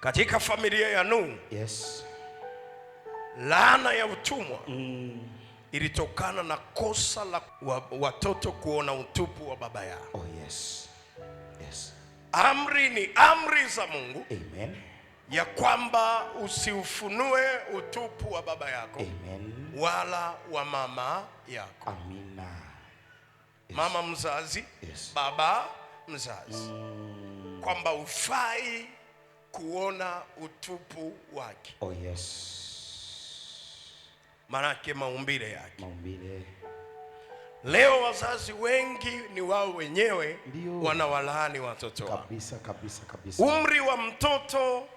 katika familia ya Nuhu yes. Laana ya utumwa mm. ilitokana na kosa la wa, watoto kuona utupu wa baba yao. Oh, yes. Yes. Amri ni amri za Mungu Amen. ya kwamba usiufunue utupu wa baba yako Amen. wala wa mama yako Amina. Yes. mama mzazi yes. baba mzazi mm. kwamba ufai kuona utupu wake. Oh yes. Manake maumbile yake, maumbile. Leo wazazi wengi ni wao wenyewe wanawalaani watoto wao. Kabisa, kabisa, kabisa. Umri wa mtoto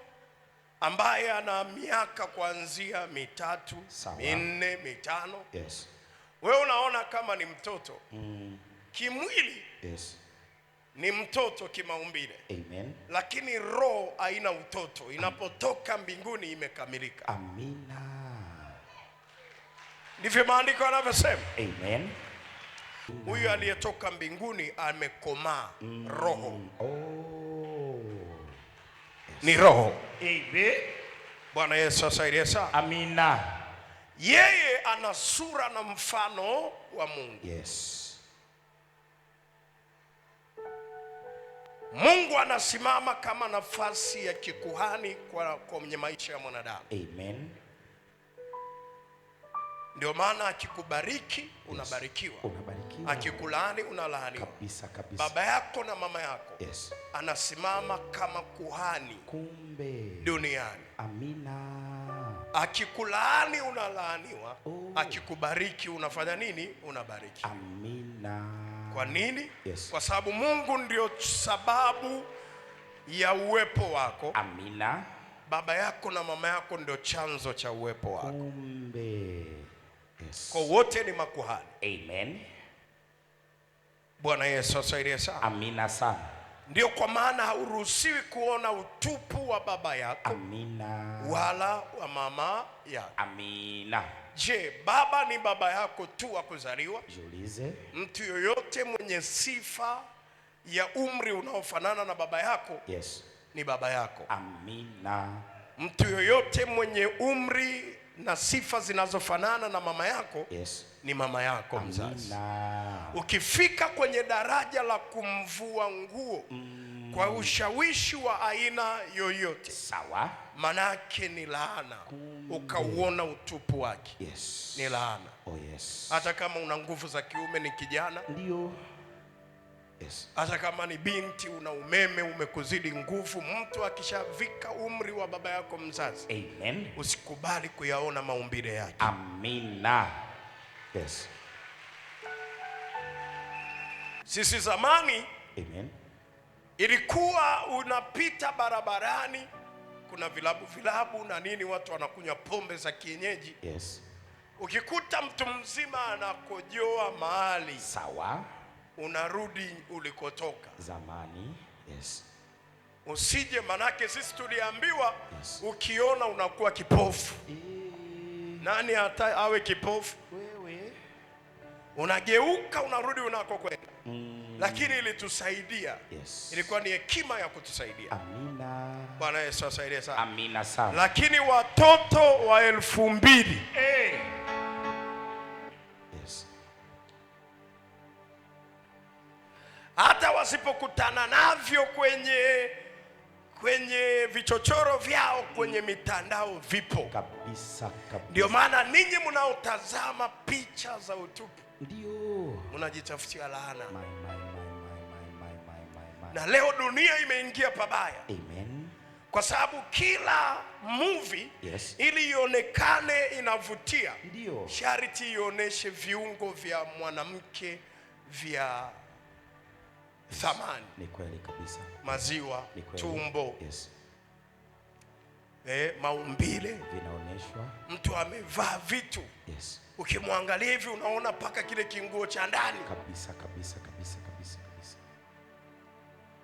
ambaye ana miaka kuanzia mitatu, minne, mitano. Yes. Wewe unaona kama ni mtoto mm. Kimwili yes ni mtoto kimaumbile. Amen. Lakini roho haina utoto, inapotoka mbinguni imekamilika. Amina. Ndivyo maandiko yanavyosema. Amen. Huyu aliyetoka mbinguni amekomaa mm. roho oh. yes. ni roho. Amen. Bwana Yesu asaidie sana. Amina. Yeye ana sura na mfano wa Mungu. Yes. Mungu anasimama kama nafasi ya kikuhani kwa kwenye maisha ya mwanadamu. Amen. Ndio maana akikubariki unabarikiwa, unabarikiwa. Akikulaani unalaaniwa. Kabisa, kabisa. Baba yako na mama yako yes. Anasimama kama kuhani kumbe duniani. Amina. Akikulaani unalaaniwa, oh. Akikubariki unafanya nini? Unabariki. Amina. Kwa nini? Yes. Kwa sababu Mungu ndio sababu ya uwepo wako. Amina. Baba yako na mama yako ndio chanzo cha uwepo wako. Kumbe. Yes. Kwa wote ni makuhani. Amen. Bwana Yesu asaidie sana. Amina sana. Ndio kwa maana hauruhusiwi kuona utupu wa baba yako. Amina. Wala wa mama yako. Amina. Je, baba ni baba yako tu wa kuzaliwa? Jiulize. Mtu yoyote mwenye sifa ya umri unaofanana na baba yako yes, ni baba yako. Amina. Mtu yoyote mwenye umri na sifa zinazofanana na mama yako yes, ni mama yako mzazi. Amina. Ukifika kwenye daraja la kumvua nguo mm kwa ushawishi wa aina yoyote. Sawa, manake ni laana. Mm. Ukauona utupu wake. Yes. ni laana. Oh, yes. hata kama una nguvu za kiume, ni kijana ndio hata kama ni binti una umeme umekuzidi nguvu. Mtu akishavika umri wa baba yako mzazi, amen, usikubali kuyaona maumbile yake. Amina. Yes. Sisi zamani, amen Ilikuwa unapita barabarani, kuna vilabu vilabu na nini, watu wanakunywa pombe za kienyeji yes. Ukikuta mtu mzima anakojoa mahali sawa, unarudi ulikotoka zamani yes. Usije manake sisi tuliambiwa yes. Ukiona unakuwa kipofu e... nani hata awe kipofu? unageuka unarudi unako kwenda mm. Lakini ilitusaidia yes. Ilikuwa ni hekima ya kutusaidia. Amina. Bwana Yesu asaidie sana. Amina sana. Lakini watoto wa elfu mbili hey. Eh. Yes. Hata wasipokutana navyo kwenye kwenye vichochoro vyao kwenye mitandao vipo kabisa kabisa. Ndio maana ninyi mnaotazama picha za utupu ndio. Mnajitafutia laana. My, my, my, my, my, my, my. Na leo dunia imeingia pabaya. Amen. Kwa sababu kila movie yes, ili ionekane inavutia, ndio sharti ionyeshe viungo vya mwanamke vya thamani. Ni kweli kabisa. Maziwa, tumbo. Yes eh, maumbile vinaonyeshwa, mtu amevaa vitu yes. Ukimwangalia hivi unaona mpaka kile kinguo cha ndani kabisa kabisa kabisa kabisa kabisa,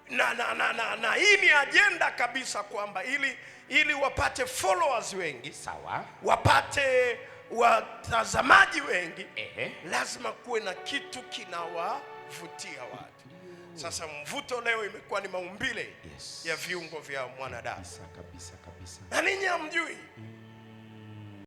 na na na, na, na hii ni ajenda kabisa kwamba ili ili wapate followers wengi sawa, wapate watazamaji wengi ehe, lazima kuwe na kitu kinawa kuvutia watu. Sasa mvuto leo imekuwa ni maumbile yes, ya viungo vya mwanadamu kabisa kabisa, na ninyi hamjui mm.